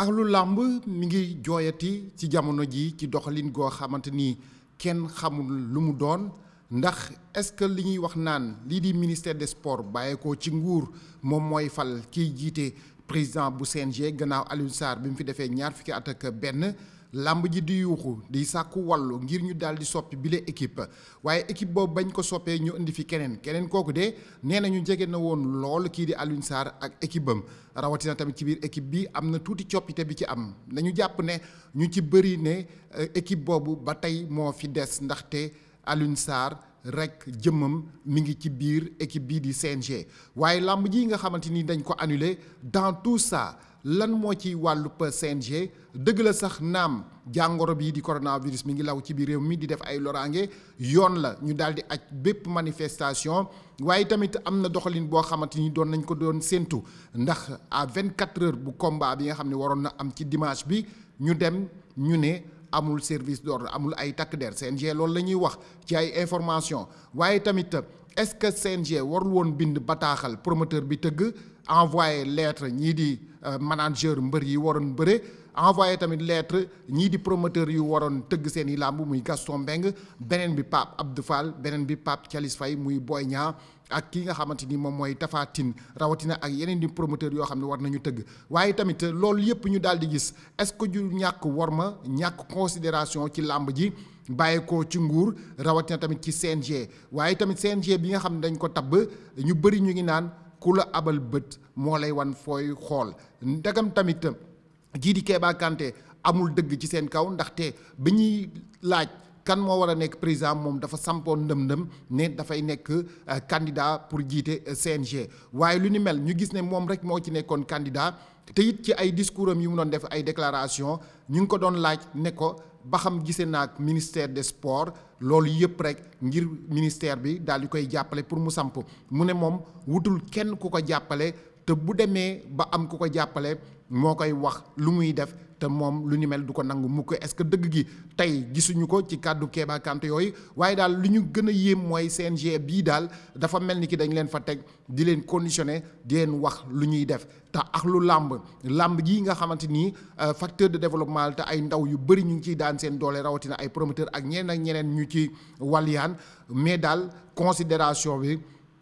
ak lu làmb mi ngi jooyati ci jamono ji ci doxalin goo xamante ni kenn xamul lu mu doon ndax est-ce que li ñuy wax naan lii di ministère de des sports bàyyeekoo ci nguur moom mooy fal kiy jiite président bu CNG gannaaw Alioune Sarr bi mu fi defee ñaar fukki at ak benn. làmb ji di yuuxu di sàkku wallu ngir ñu daal di soppi bile équipe waaye équipe boobu bañ ko soppee ñu indi fi keneen keneen kooku de nee na ñu jege na woon lool kii di Alioune Sarr ak équipe am rawatina tamit ci biir équipe bi am na tuuti coppite bi ci am nañu jàpp ne ñu ci bëri ne euh, équipe boobu ba tey moo fi des ndaxte Alioune Sarr. rek jëmmam mi ngi ci biir équipe bii di CNG waaye làmb ji nga xamante ni dañ ko annulé dans tout ça lan moo ci wàllub CNG dëgg la sax naam jàngoro bii di coronavirus mi ngi law ci biir réew mi di def ay loraange yoon la ñu daal di aj bépp manifestation waaye tamit am na doxalin boo xamante ni doon nañ ko doon séentu ndax à quatre heures bu combat bi nga xam ne waroon na am ci dimanche bi ñu dem ñu ne. amul service d'ordre amul ay takk der CNG loolu la ñuy wax ci ay information waaye tamit est-ce que CNG warul woon bind bataaxal promoteur bi tëgg envoyé lettre ñii di euh, manager mbër yi waroon bëre envoyé tamit leetre ñii di promoteur yu waroon tëgg seen i làmb muy Gaston mbeng beneen bi Pape Abdou Fall beneen bi Pape Thialis fay muy Boy Niang ak ki nga xamante ni moom mooy Tapha Tine rawatina ak yeneen di promoteur yoo xam ne war nañu tëgg waaye tamit loolu yëpp ñu daal di gis est-ce que ju ñàkk worma ñàkk considération ci làmb ji bàyyeekoo ci nguur rawatina tamit ci CNG waaye tamit g bi nga xam ne dañ ko tabb ñu bëri ñu ngi naan ku la abal bët moo lay wan fooy xool ndegam tamit. jii di Keba amul dëgg ci seen kaw ndaxte bi ñuy laaj kan moo war a nekk président moom dafa sampoon ndëm-ndëm ne dafay nekk euh, candidat pour jiite euh, CNG waaye lu ni mel ñu gis ne moom rek moo ci nekkoon candidat te it ci ay discours am yu mu doon def ay déclaration ñu ngi ko doon laaj ne ko ba xam gisee naag ministère de sport loolu yëpp rek ngir ministère bi daal di koy jàppale pour mu samp mu ne moom wutul kenn ku ko jàppale te bu demee ba am ku ko jàppale moo koy wax lu muy def te moom lu ni mel du ko nangu mukk est-ce que dëgg gi tey gisuñu ko ci kàddu Keba Kanté yooyu waaye daal lu ñu gën a yéem mooy CNG bii daal dafa mel ni ki dañ leen fa teg di leen conditionné di leen wax lu ñuy def te ak lu làmb làmb ji nga xamante ni euh, facteur de développement ay ndaw yu bëri ñu ngi ciy daan seen doole rawatina ay promoteur ak ñeneen ñeneen ñu ci walyaan mais daal considération bi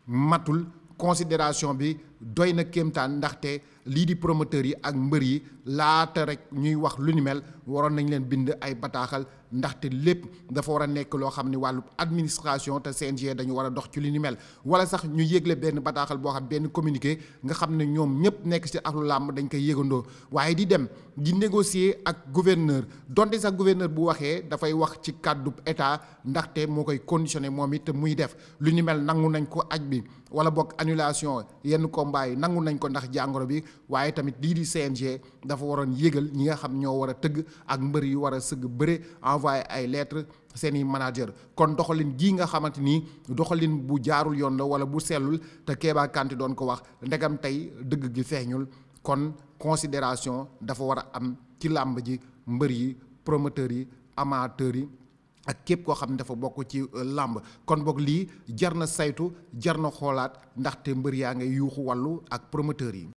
matul considération bi doy na kéemtaan ndaxte lii di promoteur yi ak mbër yi laata rek ñuy wax lu ni mel waroon nañ leen bind ay bataaxal ndaxte lépp dafa war a nekk loo xam ni wàllu administration te CNG dañu war a dox ci lu ni mel wala sax ñu yégle benn bataaxal boo xam benn communiqué nga xam ne ñoom ñëpp nekk si axlu làmb dañ koy yëgandoo waaye di dem di négocier ak gouverneur donte sax gouverneur bu waxee dafay wax ci kàddu état ndaxte moo koy conditionné moom it muy def lu ni mel nangu nañ ko aj bi wala bokk annulation yenn combat yi nangu nañ ko ndax jàngoro bi waaye tamit lii di CNG dafa waroon yëgal ñi nga xam ñoo war a tëgg ak mbër yu war a sëgg bëre envoyé ay lettres seeni manager kon doxalin gii nga xamante ni doxalin bu jaarul yoon la wala bu sellul te Keba doon ko wax ndegam tey dëgg gi feeñul kon considération dafa war a am ci làmb ji mbër yi promoteurs yi amateurs yi ak képp koo xam ne dafa bokk ci euh, làmb kon boog lii jar na saytu jar na xoolaat ndaxte mbër yaa ngay yuuxu wallu ak promoteur yi